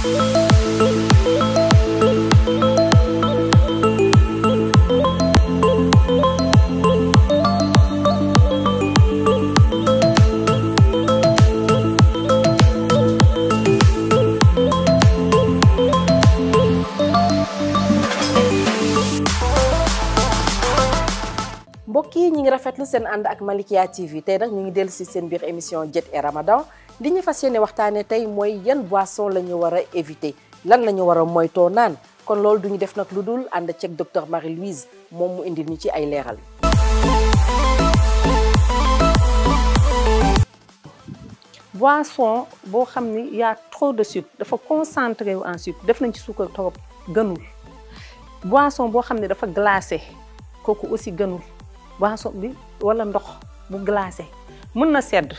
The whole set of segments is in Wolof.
mbokk yi ñu ngi rafetlu kembali ke ak Malikia TV tey nag ñu ngi dellu émission et Ramadan li ñu fas yéene waxtaanee tey mooy yan boisson la ñu éviter lan lañu wara war a moytoo kon loolu duñu def nak luddul dul ci docteur Marie Louise mom mu indil ñu ci ay léral boisson bo xamni ya y a trop de sucre dafa concentré en sucre def nañ ci sucre trop gënul boisson bo xamni dafa glacé koku aussi gënul boisson bi wala ndox bu glacé mën na sedd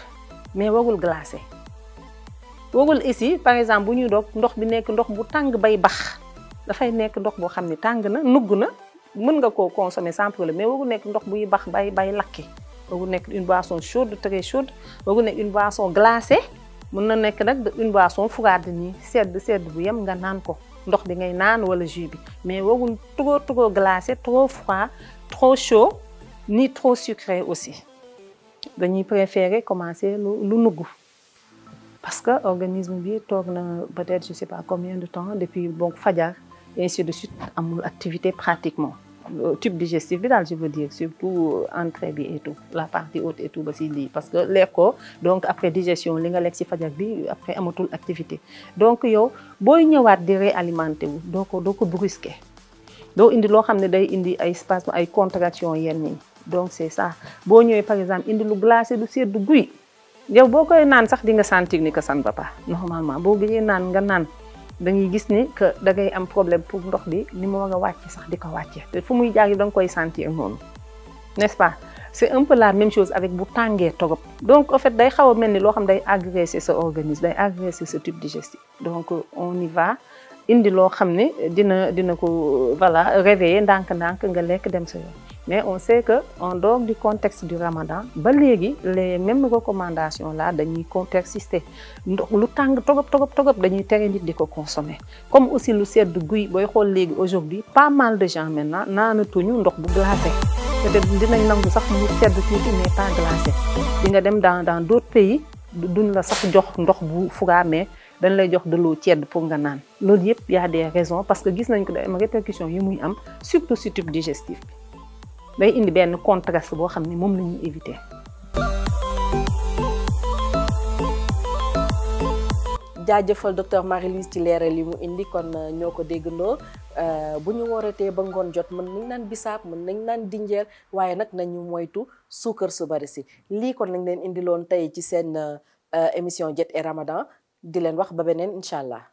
mais wagul glacé wowal ici par exemple buñu ñuy doog ndox bi nek ndox bu tang bay bax dafay nekk ndox boo xam ne na nugg na mën nga ko consommer sans problème mais wagu nek ndox buy bax bay bay lakki wagu nek une boisson chaude très chaude wagu nek une boisson glacée mën na nekk nag une boisson froide nii sedd sedd bu yem nga nan ko ndox bi ngay nan wala jus bi mais wagul trop trop glacé trop froid trop chaud ni trop sucré aussi dañuy préférer commencer lu lu parce que organisme tourne peut-être je ne sais pas combien de temps depuis bon fajar et ainsi de suite mon activité pratiquement euh, tube digestif je veux dire surtout euh, entrée bien et tout la partie haute et tout parce que l'écho, donc après digestion li nga lekk si fajar bi après activité donc yo booy ñëwaat di réalimenté donc donc donc doo donc indi loo xam ne day indi contraction donc c'est ça vous ñëwee par exemple indi lu glacé du sedd yow boo koy naan sax di nga sentir ni que ça ne va pas normalement boo gëjee naan nga naan dañuy gis ni que dangay am problème pour ndox bi ni mu war a wàcce sax di ko wàcce te fu muy jaar yi da koy sentir noonu n'est-ce pas c'est un peu la même chose avec bu tàngee torop donc en fait day xaw a mel ni loo xam day agresser sa organisme day agresser sa tube digestif donc on y va indi loo xam ne dina dina ko voilà réveiller ndànk-ndànk nga lekk dem sa mais on sait que en dehors du contexte du Ramadan ba les mêmes recommandations là dañuy persister lu tàng togop togop togop dañuy tere nit di consommer comme aussi lu sedd guy boy xool léegi aujourd'hui pas mal de gens maintenant naanatuñu ndox bu glacé peut-être dinañ nangu sax mu sedd tuuti mais pas glacé di nga dem dans dans d'autres pays duñ la sax jox ndox bu fugaa mais dañ lay jox de l'eau tiède pour nga l'eau tiède yëpp y a des raisons parce que gis nañ ko day am répercussions yi muy am surtout tube digestif day indi benn contraste boo xam ne moom la ñuy éviter. jaajëfal docteur marie ci leeral li mu indi kon euh, ñoo ko déggandoo euh, bu ñu wooratee ba ngoon jot mën nañ naan bisaab mën nañ naan dinjeer waaye nag nañu moytu suukar su bari si lii kon lañ leen indiloon tey ci seen euh, émission Diète et Ramadan di leen wax ba beneen incha allah.